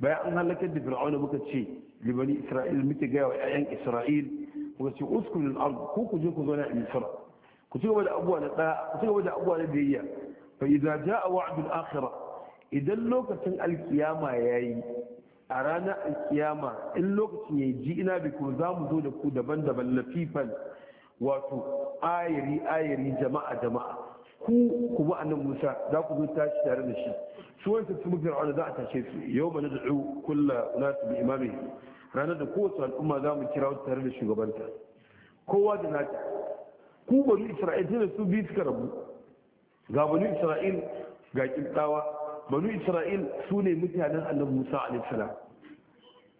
bayan an halakar da fir'auna muka ce libani isra'il muke gaya wa 'ya'yan isra'il muka ce uskun al-ard ku ku je ku zauna a misr ku ci gaba da abubuwa na ɗaya. ku ci gaba da abubuwa na biyayya fa idza jaa wa'du al-akhirah idan lokacin alkiyama ya yi a ranar alkiyama in lokacin ya ji ina bi ku za mu zo da ku daban-daban lafifan wato ayari ayari jama'a jama'a ku kuma annan musa za ku zo tashi tare da shi su wancan su mugar wani za a tashe su yau mana da ɗau kulla su bi imami ranar da kowace al'umma za mu kira tare da shugabanta kowa da nata ku bani isra'il da su biyu suka rabu ga bani isra'il ga kintawa banu isra'il su ne mutanen annabi musa alaihissalam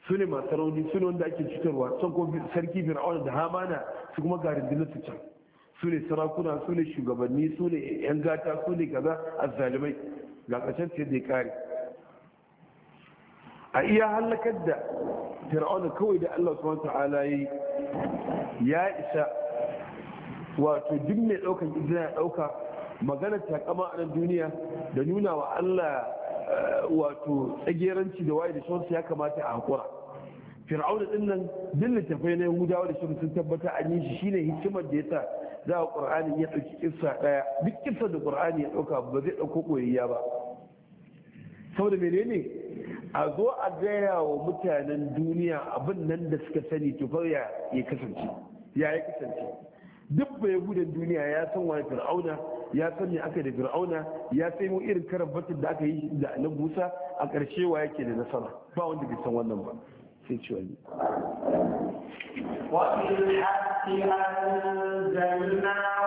su ne masu rauni su ne wanda ake cutarwa can ko sarki fir'auna da hamana su kuma ga rundunar su can su ne sarakuna su ne shugabanni su ne yan gata su ne kaza zalimai ga ƙarshen sai ya kare a iya hallakar da fir'auna kawai da Allah subhanahu ta'ala yi ya isa wato duk mai ɗaukan izina ya ɗauka magana takama a nan duniya da nuna wa Allah eh, wato tsageranci da waye da shansu ya kamata a hakura fir'auna din nan duk littafai na yahudawa da shirin sun tabbata an yi shi shine hikimar da ya sa za a ƙur'ani ya ɗauki kissa ɗaya duk kissa da ƙur'ani ya ɗauka ba zai ɗauko ƙoyayya ba saboda menene a zo a gaya wa mutanen duniya abin nan da suka sani to tufar ya kasance ya kasance duk bai gudan duniya ya san wani fir'auna ya san aka da fir'auna ya sai mu irin karan da aka yi da na musa a ƙarshe wa yake da nasara ba wanda bai san wannan ba sai ci wani وفي الحق أنزلناه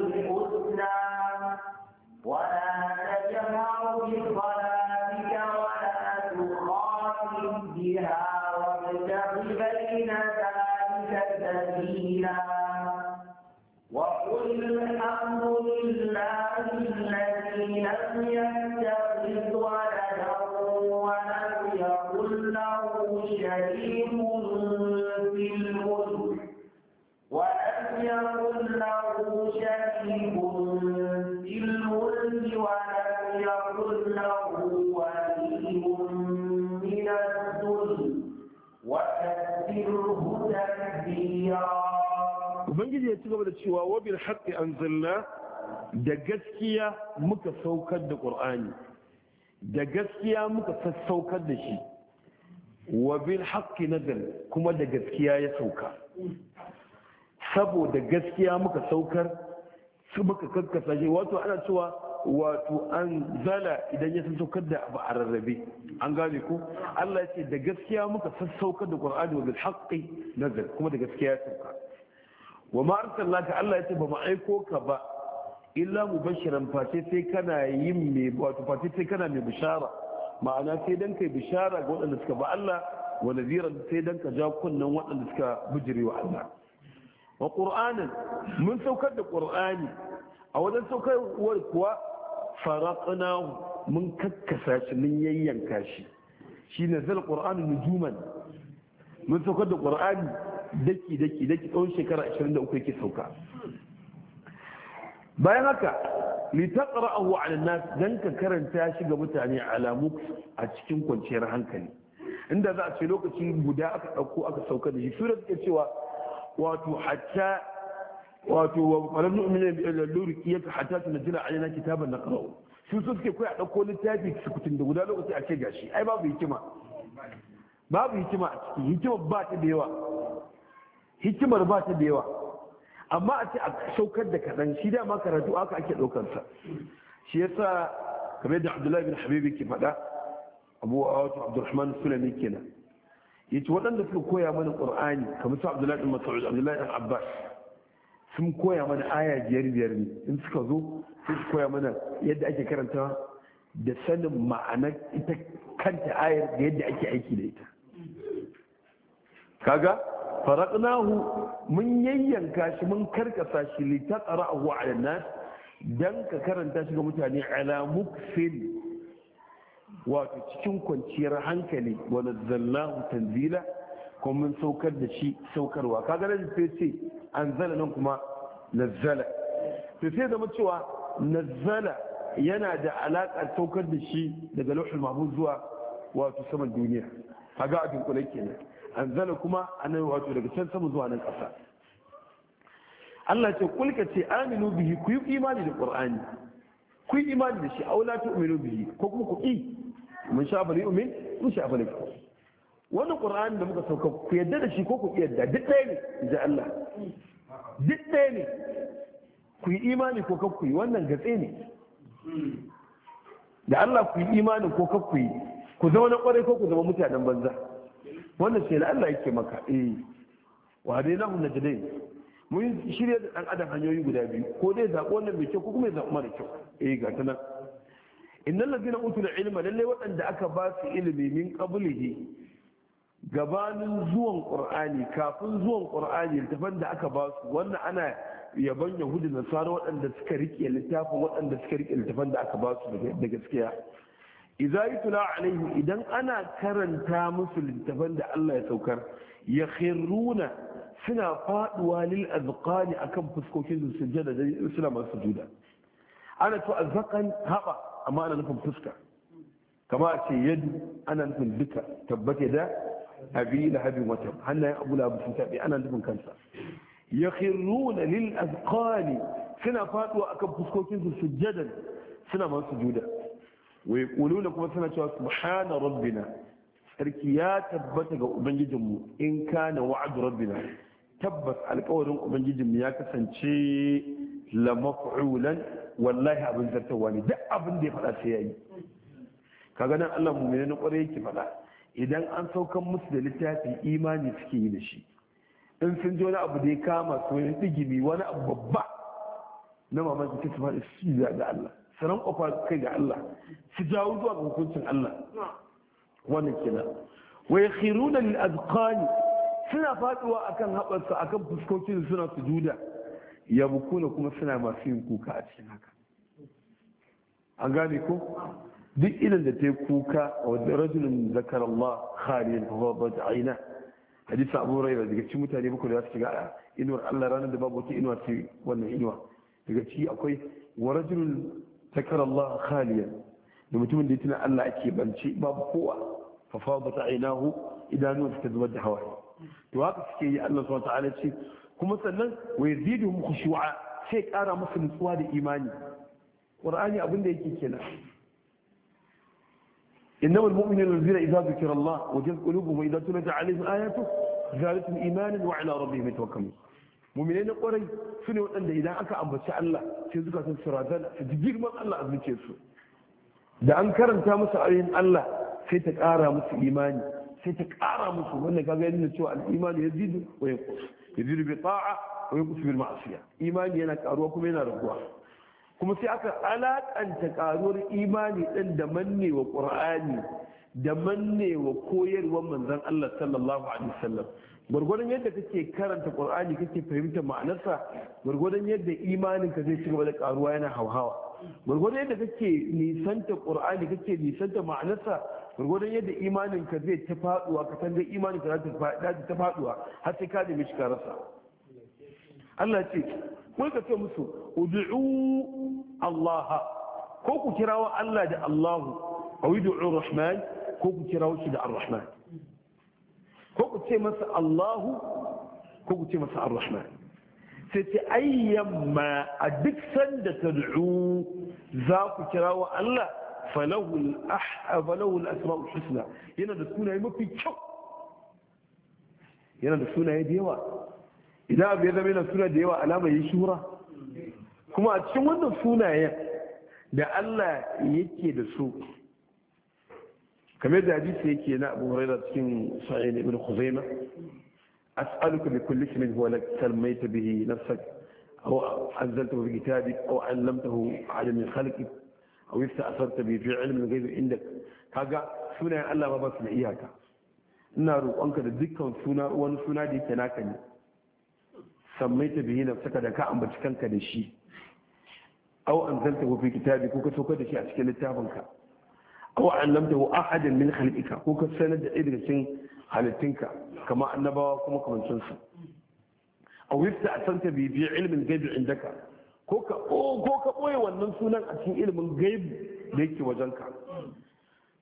الحسنى ولا تجهر بصلاتك ولا تخاطب بها وابتغ بين ذلك سبيلا وقل الحمد لله الذي لم يكن cewa wabil an anzalna da gaskiya muka saukar da ƙur'ani da gaskiya muka sassaukar da shi wa bil haqqi nazal kuma da gaskiya ya sauka saboda gaskiya muka saukar su muka kakkasa shi wato ana cewa wato an zala idan ya sassaukar da abu a rarrabe an gane ko Allah ya ce da gaskiya muka sassaukar da ƙur'ani wa bil haqqi nazal kuma da gaskiya ya sauka wa ma ka Allah yace ba mu aiko ka ba illa mubashiran face sai kana yin me wato face sai kana mai bishara ma'ana sai dan kai bishara ga waɗanda suka ba Allah wa nadiran sai dan ka ja kunnan waɗanda suka bijire wa Allah wa qur'anan mun saukar da qur'ani a wajen saukar kuwa faraqnahu mun kakkasa shi mun yayyanka shi shine zal qur'anu nujuman mun saukar da qur'ani daki daki daki tsawon shekara 23 yake sauka bayan haka litaqra'ahu 'ala an-nas dan ka karanta shi ga mutane alamu a cikin kwanciyar hankali inda za a ce lokaci guda aka dauko aka sauka da shi sura take cewa wato hatta wato wa qalam nu'minu bi al-lurqiyat hatta tunzila 'alaina kitaban naqra'u su suke koyi a dauko littafi kutun da guda lokaci a ce gashi ai babu hikima babu hikima a cikin hikima ba ta da yawa hikimar ba ta da yawa amma a ce a saukar da kaɗan shi dama karatu aka ake ɗaukarsa shi ya sa kame da abdullahi bin habibi ke faɗa abu a wato abdurrahman sulami kenan ya ce waɗanda suka koya mana ƙur'ani kamar su abdullahi bin mas'ud abdullahi bin abbas sun koya mana aya biyar biyar ne in suka zo sun koya mana yadda ake karanta da sanin ma'anar ita kanta ayar da yadda ake aiki da ita kaga faraqnahu mun yayyanka shi mun karkasa shi li taqra'ahu 'ala nas dan ka karanta shi ga mutane ala mukfin wato cikin kwanciyar hankali wa nazzalnahu tanzila kuma mun saukar da shi saukarwa kaga nan sai ce anzala nan kuma nazzala to sai zama cewa nazzala yana da alaka saukar da shi daga lauhul mahfuz zuwa wato saman duniya kaga a dunkule kenan anzala kuma annabi wato daga can sama zuwa nan ƙasa Allah ce kulka ce aminu bihi ku yi imani da qur'ani ku yi imani da shi aula aminu bihi ko kuma ku yi mun sha bali umin mun sha bali wannan qur'ani da muka sauka ku yadda da shi ko ku yadda duk ɗaya ne da Allah duk ɗaya ne ku yi imani ko kakku yi wannan gatse ne da Allah ku yi imani ko kakku yi ku zama na kwarai ko ku zama mutanen banza wannan sai Allah yake maka eh wa dai lahu najdai mun shirya da dan adam hanyoyi guda biyu ko dai zaɓi wannan mai kyau ko kuma zan mara kyau eh ga ta nan innal ladina utul ilma lalle waɗanda aka ba su ilimi min qablihi gabanin zuwan qur'ani kafin zuwan qur'ani tafan da aka ba su wannan ana yaban yahudi na nasara waɗanda suka rike littafin waɗanda suka rike littafin da aka ba su da gaskiya idza yutla alaihi idan ana karanta musu littafan da Allah ya saukar ya khirruna suna faduwa lil azqani akan fuskokin su sujada suna masu sujuda ana to azqan haba amma ana nufin fuska kama a ce yadu ana nufin duka tabbata da abi lahabin wata hannayen abu lahabin sun tabi ana nufin kansa ya khirruna lil azqani suna faduwa akan fuskokin su sujadan suna masu sujuda wai kuluna kuma suna cewa subhana rabbina sarki ya tabbata ga ubangijinmu in kana wa'adu rabbina tabbas alƙawarin ubangijinmu ya kasance la maf'ulan wallahi abin zartawa ne duk abin da ya faɗa sai yayi kaga nan Allah mu'mini na kware yake faɗa idan an saukan musu da littafin imani suke yi da shi in sun ji wani abu da ya kama su wani digimi wani abu babba na mamaki kisa faɗi su Allah su rankwafa kai ga Allah su jawo zuwa ga hukuncin Allah wannan kenan wa yakhiruna lil azqani suna faduwa akan haɓarsa akan fuskokin suna sujuda bukuna kuma suna masu yin kuka a cikin haka an gane ko duk idan da ta yi kuka a wadda rajulun zakar Allah khaliyan huwa bada aina hadisi abu da, daga cikin mutane bakwai da za su shiga inuwar Allah ranar da babu wata inuwa ce wannan inuwa daga ciki akwai wa rajulun ta kira da mutumin da tuna Allah ake bance babu kowa fa fadat aynahu idan ta fitad wajh hawai to haka suke yi Allah subhanahu ta'ala ce kuma sannan wa yazidu khushu'a sai kara musu nutsuwa da imani qur'ani abin da yake kenan innam almu'minuna allazina idza zikira Allah wajad qulubuhum idza tulat alayhim ayatu zalatu imanan wa ala rabbihim yatawakkalun mumine na kwarai su ne waɗanda idan aka ambaci Allah sai suka san su razana girman Allah a zuce su da an karanta musu ayoyin Allah sai ta ƙara musu imani sai ta ƙara musu wannan kaga na cewa al-imani yazidu wa yanqus yazidu bi ta'a wa yanqus bil ma'siyah imani yana ƙaruwa kuma yana raguwa kuma sai aka alaƙanta ƙaruwar imani ɗin da manne wa ƙur'ani, da manne wa koyarwar manzon Allah sallallahu alaihi wasallam gwargwadon yadda kake karanta qur'ani kake fahimtar ma'anarsa gwargwadon yadda ka zai ci gaba da karuwa yana hauhawa gwargwadon yadda kake nisanta qur'ani kake nisanta ma'anarsa gwargwadon yadda ka zai ta faduwa ka san ka za ta faduwa har sai ka nemi shi rasa Allah ce kun ka ce musu ud'u Allah ko ku kirawo Allah da Allahu aw ud'u Rahman ko ku kirawo shi da Ar-Rahman ko ku ce masa Allahu ko ku ce masa Ar-Rahman sai ce ayyamma a duk sanda tad'u za ku kira wa Allah falahu al ah-, asmaul husna yana da sunaye mafi kyau yana da sunaye da yawa idan abu ya zama yana suna da yawa alama ya shura kuma a cikin wannan sunayen da Allah yake da su kamar da hadisi yake na abu huraira cikin sa'id ibn khuzaima as'aluka bi kulli ismin huwa lak salmaita bihi nafsak aw anzaltahu bi kitabik aw allamtahu ala min khalqik aw ista'sarta bi fi ilmin ghaib indak kaga sunayen Allah ba su da iyaka ina roƙonka da dukkan suna wani suna da yake naka ne sammaita bihi nafsaka da ka ambaci kanka da shi aw anzaltahu fi kitabik ko ka sauka da shi a cikin littafinka aw allamtahu ahadan min khalqika ko ka sanar da daga cin halittinka kama annabawa kuma kamancin su aw yasta'santa bi bi ilmin gaibi indaka ko ka ko ka boye wannan sunan a cikin ilimin gaibi da yake wajenka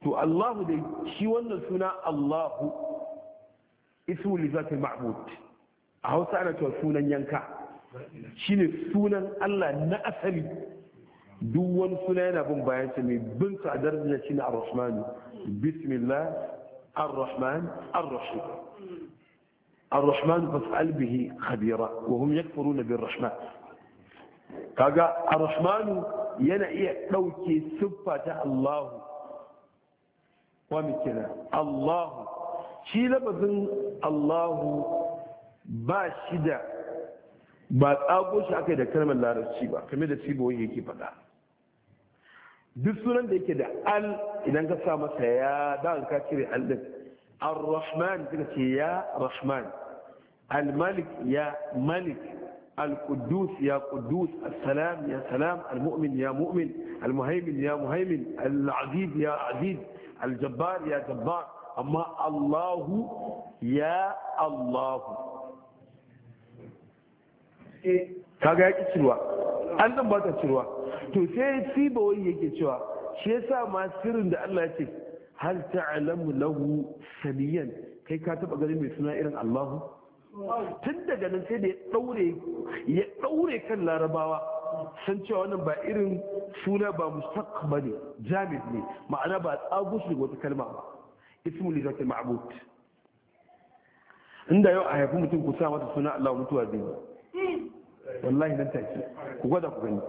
to Allahu dai shi wannan suna Allahu ismu li zatil ma'bud a Hausa ana cewa sunan yanka shine sunan Allah na asali duk wani suna yana bin bayan sa mai bin tsadar da shi na ar-rahmanu bismillah ar-rahman ar-rahim ar-rahman fas'al bihi khabira wa hum yakfuruna bir-rahman kaga ar-rahmanu yana iya dauke siffa ta Allah wa mikina Allah shi labazin Allah ba shi da ba tsago shi aka da kalmar larabci ba kamar da siboyi yake faɗa duk sunan da yake da al idan ka sa masa ya da ka cire al din ar-rahman kika ce ya rahman al-malik ya malik القدوس يا قدوس السلام يا سلام المؤمن يا مؤمن المهيمن يا مهيمن العزيز يا عزيز الجبار يا جبار أما الله يا الله kaga yaki cirwa an nan ba ta cirwa to sai sibawai yake cewa shi yasa ma sirrin da Allah ya ce hal ta'lamu lahu samiyan kai ka taba ganin mai suna irin Allahu tun daga nan sai da ya daure ya daure kan larabawa san cewa wannan ba irin suna ba mustaq bane jamid ne ma'ana ba tsagus ne wata kalma ba ismu li ma'bud inda yau a haifi mutum ku sa mata suna Allah mutuwa zai wallahi nan take ku gwada ku gani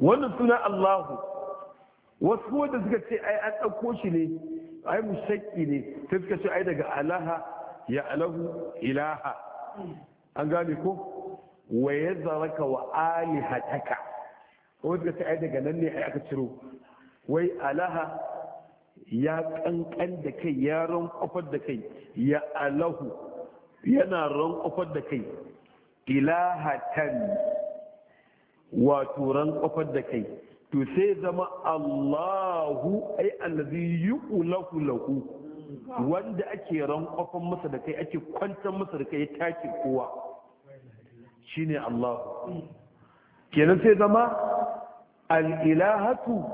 wannan suna Allahu wasu wanda suka ce ai an ɗauko shi ne ai mushakki ne sai suka ce ai daga alaha ya alahu ilaha an gane ko wa ya zaraka wa alihataka kuma suka ce ai daga nan ne ai aka ciro wai alaha ya ƙanƙan da kai ya ƙofar da kai ya alahu yana ƙofar da kai ilahatan wato ƙofar da kai to sai zama allahu ai allazi yuqulahu lahu wanda ake ƙofar masa da kai ake kwantar masa da kai ya take kowa shine allahu kenan sai zama al'ilahatu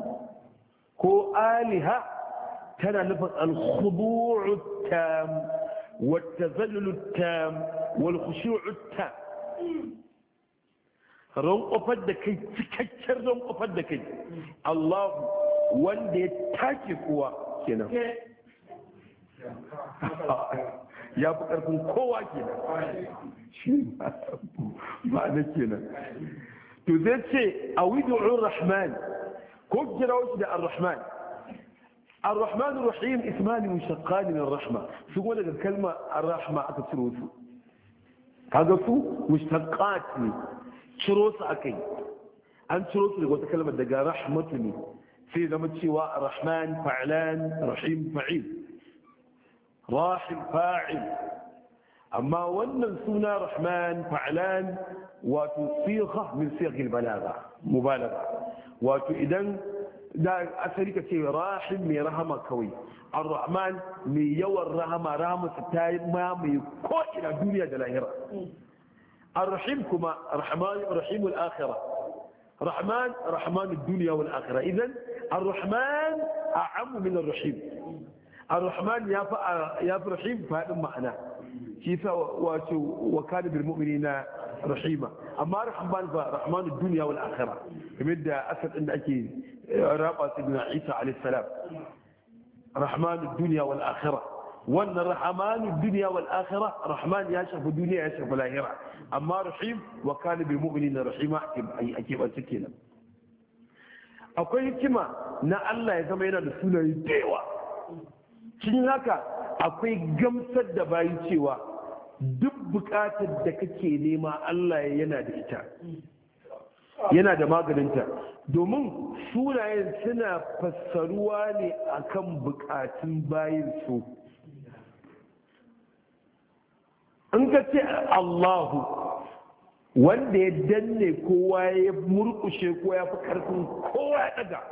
ko aliha كان لفظ الخضوع التام والتذلل التام والخشوع التام رو أفدك تكتر رو أفدك الله وندي تاجك هو كنا يا بكركم كوا كنا ما نكنا تذلسي أويد الرحمن كيف جرى الرحمن الرحمن الرحيم اسمان مشتقان من الرحمة شو قول الكلمة الرحمة أكتشروس هذا سو مشتقات لي تروس أكي أن تروس لي قلت كلمة دقا رحمة لي في لما تشيوا الرحمن فعلان رحيم فعيل راحم فاعل أما ون سونا رحمن فعلان وتصيغة من صيغ البلاغة مبالغة وإذا da asali ka ce rahim mai rahama kawai ar-rahman mai yawan rahama rahamarsa ta yi mamaye ko ina duniya da lahira ar-rahim kuma rahman rahimul akhirah rahman rahman ad-dunya wal akhirah idan ar-rahman a'am min ar-rahim ar-rahman ya fa ya fa rahim fadin ma'ana shi sa wato wa kana bil mu'minina rahima amma rahman fa rahman ad-dunya wal akhirah kamar da asal inda ake raɓa ibn isa alaihissalam rahmanu duniya wal akhira wannan rahmanu duniya wal akhira rahman ya shafi duniya ya shafi lahira amma rahim wa kana bil mu'minina rahima ake ba take nan akwai hikima na Allah ya zama yana da sunaye dewa cin haka akwai gamsar da bayi cewa duk bukatar da kake nema Allah yana da ita yana da maganinta domin sunayen suna fassaruwa ne akan bukatun bayan su in ka ce allahu wanda ya danne kowa ya murkushe ko ya fi karfin kowa ya daga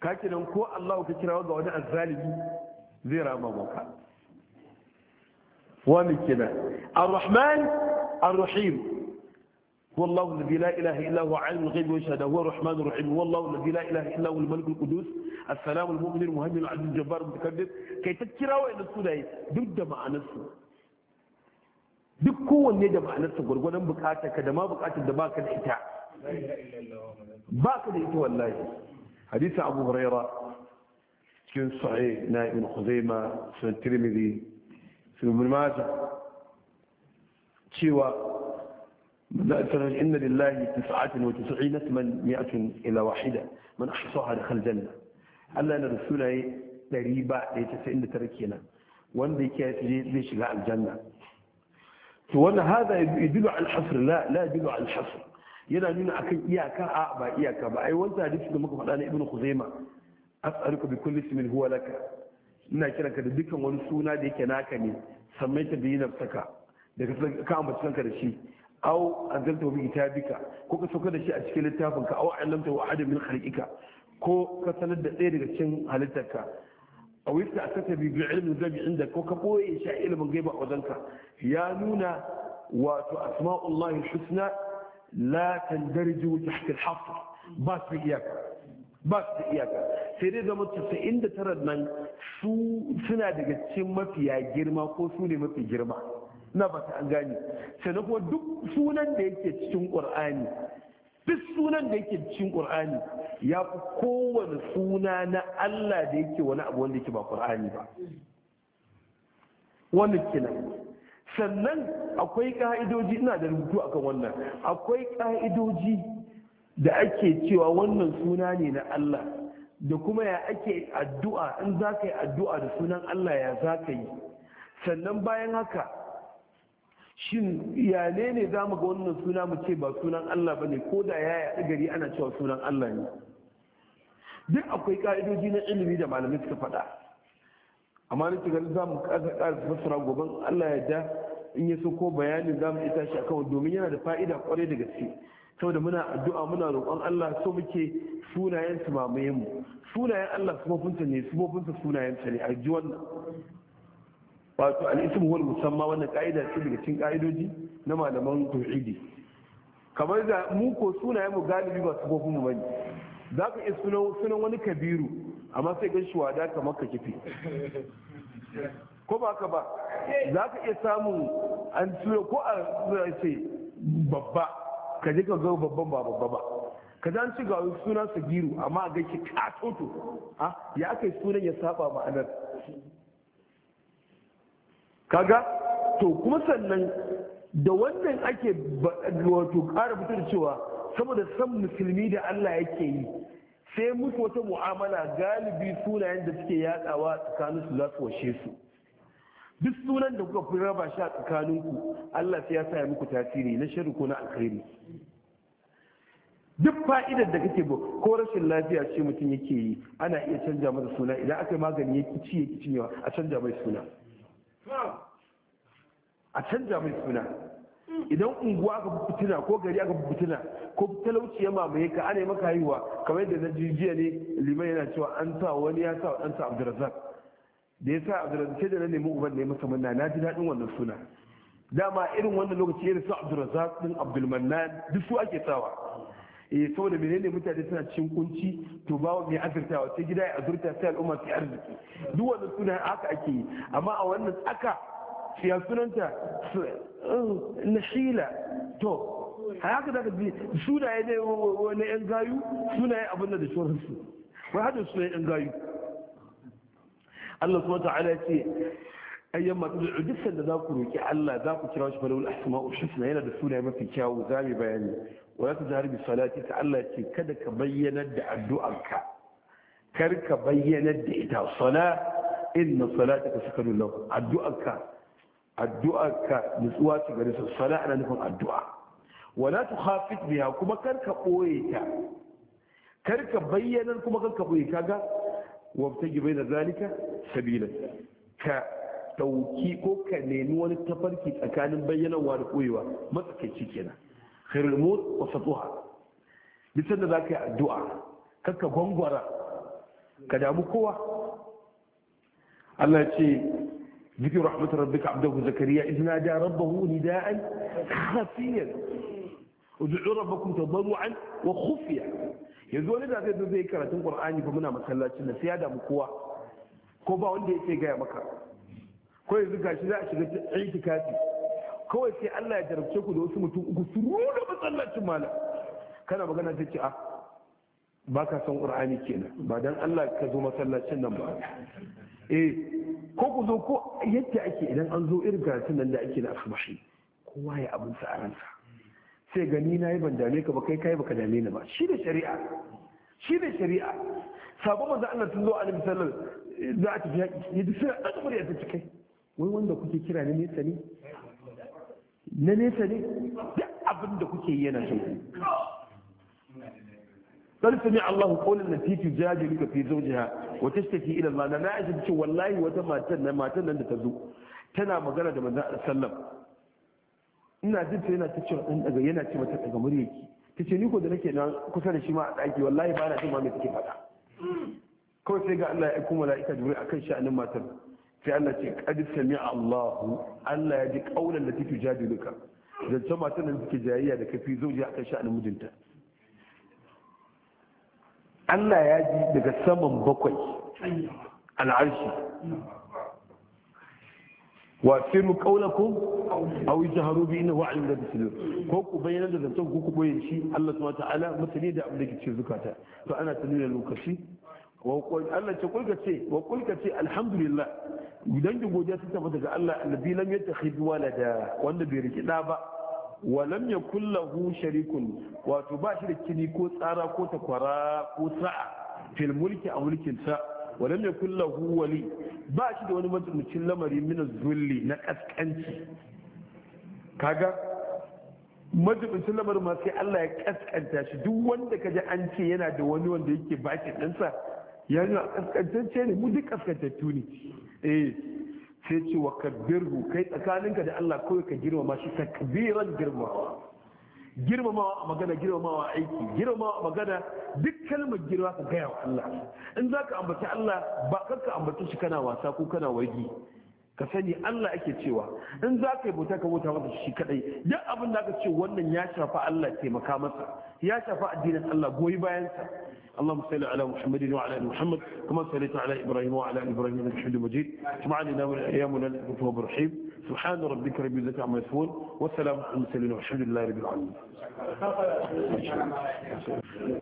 kakinan ko allahu ka kira ga wani azalibi zai rama maka wani kina ar-rahman ar-rahim هو الله الذي لا إله إلا هو عالم الغيب والشهادة هو الرحمن الرحيم هو الله الذي لا إله إلا هو الملك القدوس السلام المؤمن المهيمن العزيز الجبار المتكبر كي تكرا وإن السنة ضد مع نفسه duk kowanne da ma'anarsa gwargwadon bukata ka da ma bukatar da baka da ita baka da ita wallahi hadisin abu huraira cikin sahih na ibn khuzaima sunan tirmidhi sunan cewa بدأت إن لله تسعة وتسعين من مئة إلى واحدة من أحصاها دخل الجنة Allah na da ya ɗari ba ɗaya casa'in da tara kenan wanda yake zai shiga aljanna to wannan hada ya dulu alhasr la la dulu yana nuna akan iyaka a ba iyaka ba ai wannan hadisi da muka faɗa na ibnu khuzaima as'aluka bi kulli ismin huwa laka ina kiranka da dukan wani suna da yake naka ne sammaita bi nafsaka daga ka ambaci kanka da shi aw anzalta bi kitabika ko ka sauka da shi a cikin littafin ka aw allamta wa adam min khalqika ko ka sanar da ɗaya daga cikin halittarka aw yasta asata bi ilmin zabi inda ko ka boye shi a ilimin gaiba a wajenka ya nuna wato asma'ullahi husna la tandarju tahta al-hasr ba su iyaka ba su da iyaka sai dai zama casa'in da tara nan su suna daga cikin mafiya girma ko su ne mafi girma na ba ta an gane na kuma duk sunan da yake cikin qur'ani duk sunan da yake cikin ƙur'ani ya fi kowane suna na Allah da yake wani abu wanda yake ba qur'ani ba Wani kenan sannan akwai ka'idoji ina da rubutu akan wannan akwai ka'idoji da ake cewa wannan suna ne na Allah da kuma ya ake addu'a in za ka yi addu'a da sunan Allah ya za ka yi sannan bayan haka shin iyalai ne za mu ga wannan suna mu ce ba sunan Allah ba ne ko da ya yaɗi gari ana cewa sunan Allah ne duk akwai ƙa'idoji na ilimi da malamai suka faɗa amma na zamu za mu ƙasa fassara gobe Allah ya da in ya so ko bayanin za mu ita shi kawai domin yana da fa'ida kwarai da gaske saboda muna addu'a muna roƙon Allah so muke sunayen su mamaye mu sunayen Allah su mafunta ne su mafunta sunayen ta ne a ji wannan wato al'isim wani musamman wannan ka'ida ce daga cikin ka'idoji na malaman tauhidi kamar da mu ko sunayen mu galibi ba su kofin mu bane za ka iya sunan wani kabiru amma sai ga shi wada kamar ka kifi ko ba ka ba za ka iya samun an tura ko a ce babba ka je ka ga babban ba babba ba ka za ci ga sunan sagiru amma a gaishe ka toto ah, ya aka yi sunan ya saba ma'anar kaga to kuma sannan da wannan ake wato ƙara fitar cewa saboda san musulmi da Allah yake yi sai musu wata mu'amala galibi sunayen da suke yadawa tsakanin su za su washe su duk sunan da kuka fi raba shi a ku Allah sai ya sa muku tasiri na sharri ko na alkhairi duk fa'idar da kake ba ko rashin lafiya ce mutum yake yi ana iya canja masa suna idan aka yi magani ya ci ya ci a canja mai suna a canja mai suna idan unguwa aka fitina ko gari aka fitina ko talauci ya mamaye ka ana maka haihuwa kamar yadda na jijiya ne liman yana cewa an sa wani ya sa ɗansa abdulrazak da ya sa abdulrazak sai da na nemi uban ne masa manna na ji daɗin wannan suna dama irin wannan lokaci yana su abdurazak din Abdulmanna duk su ake sawa eh saboda menene mutane suna cikin kunci to ba mai wa sai gida ya azurta sai al'umma su arziki duk wannan suna haka ake yi amma a wannan tsaka ya sunanta eh, nashila to haka zaka ji sunaye ne wani yan gayu sunaye abin da shoransu wai hada suna yan gayu Allah wa ta'ala ce ayyan masu dukkan da za ku roƙi Allah za ku kira shi falawul asma'u suna yana da suna mafi kyawu za mu bayani wala ta bi salati ta Allah ce kada ka bayyanar da addu'arka kar ka bayyanar da ita sala inna ka sakanun lahu addu'arka addu'arka nutsuwa ta gare sa sala ana nufin addu'a wala tu khafit biha kuma kar ka boye ta kar ka bayyanar kuma kar ka boye kaga wabtaji bai da zalika sabila ka dauki ko ka nemi wani tafarki tsakanin wa da koyewa matsakaici kenan خير الأمور وسطها بسنة ذاك الدعاء كتك غنغورا كده أبو قوة الله يتشي ذكر رحمة ربك عبده زكريا إذ نادى ربه نداء خفيا ادعوا ربكم تضرعا وخفيا يزول إذا تدو ذي كرة القرآن فمنا مسلاة سيادة أبو قوة كوبا وندي إتيقى يا مكا كوي ذكا شذا شذا عيتكاتي kawai sai Allah ya jarabce ku da wasu mutum uku su ruda matsalacin mala kana magana ta ce a ah, ba ka san ƙur'ani kenan ba dan Allah ka zo masallacin nan ba eh ko ku zo ko yadda ake idan an zo irin karatun nan da ake na asubahi kowa ya abin sa a ransa sai gani na yi ban dame ka ba kai kai ka dame ni ba shi da shari'a shi da shari'a sabon manzo Allah sun zo alaihi sallam za a tafi yaki yadda sai a ɗan ya ta kai wai wanda kuke kira ne ne sani na nesa ne duk abin da kuke yi yana so sami Allahu الله قول التي fi zawjiha wa tashtaki ila Allah na ajin ce, wallahi wata matan nan matan nan da ta zo tana magana da manzon sallam ina jin ta yana ta ce dan daga yana ce mata daga muryarki tace ni ko da nake nan kusa da shi ma a daki wallahi ba na jin ma me take faɗa kawai sai ga Allah ya aika mala'ika jibril akan sha'anin matar sai Allah ce qad sami'a Allahu, Allah ya ji kaulan da take jadiluka zance matan da suke jayayya da kafi zauji akan sha'anin mijinta Allah ya ji daga saman bakwai al'arshi wa firu qaulakum aw jaharu bi innahu alim da bisir ko ku bayyana da zancen ku ku boye shi Allah subhanahu ta'ala mutane da abin da ke cikin zukata to ana tanuna lokaci wa qul Allah ce kulka ce wa kulka ce alhamdulillah dangin godiya sun tafi daga Allah annabi lam yattakhid walada wanda bai riki da ba wa lam yakul lahu sharikun wato ba shi da kini ko tsara ko takwara ko sa'a fil mulki a mulkin sa wa lam yakul lahu wali ba shi da wani mutumin lamari min zulli na kaskanci kaga majibincin lamar ma sai Allah ya kaskanta shi duk wanda kaji an ce yana da wani wanda yake bakin ɗansa ya a kaskantacce ne mu duk kaskantattu ne eh sai ce wa kabbirhu kai tsakaninka da Allah kawai ka girmama shi takbiran girmamawa girmamawa a magana girmamawa a aiki girmamawa a magana duk kalmar girma ka gaya wa Allah in za ka ambaci Allah ba kanka ambaci shi kana wasa ko kana wargi ka sani Allah ake cewa in za ka yi bauta ka bauta masa shi kadai duk abin da aka ce wannan ya shafa Allah taimaka masa ya shafa addinin Allah goyi bayansa اللهم صل على محمد وعلى ال محمد كما صليت على ابراهيم وعلى ال ابراهيم انك حميد مجيد اجمع لنا وايامنا الغفور الرحيم سبحان ربك رب العزه عما يصفون والسلام على المرسلين والحمد لله رب العالمين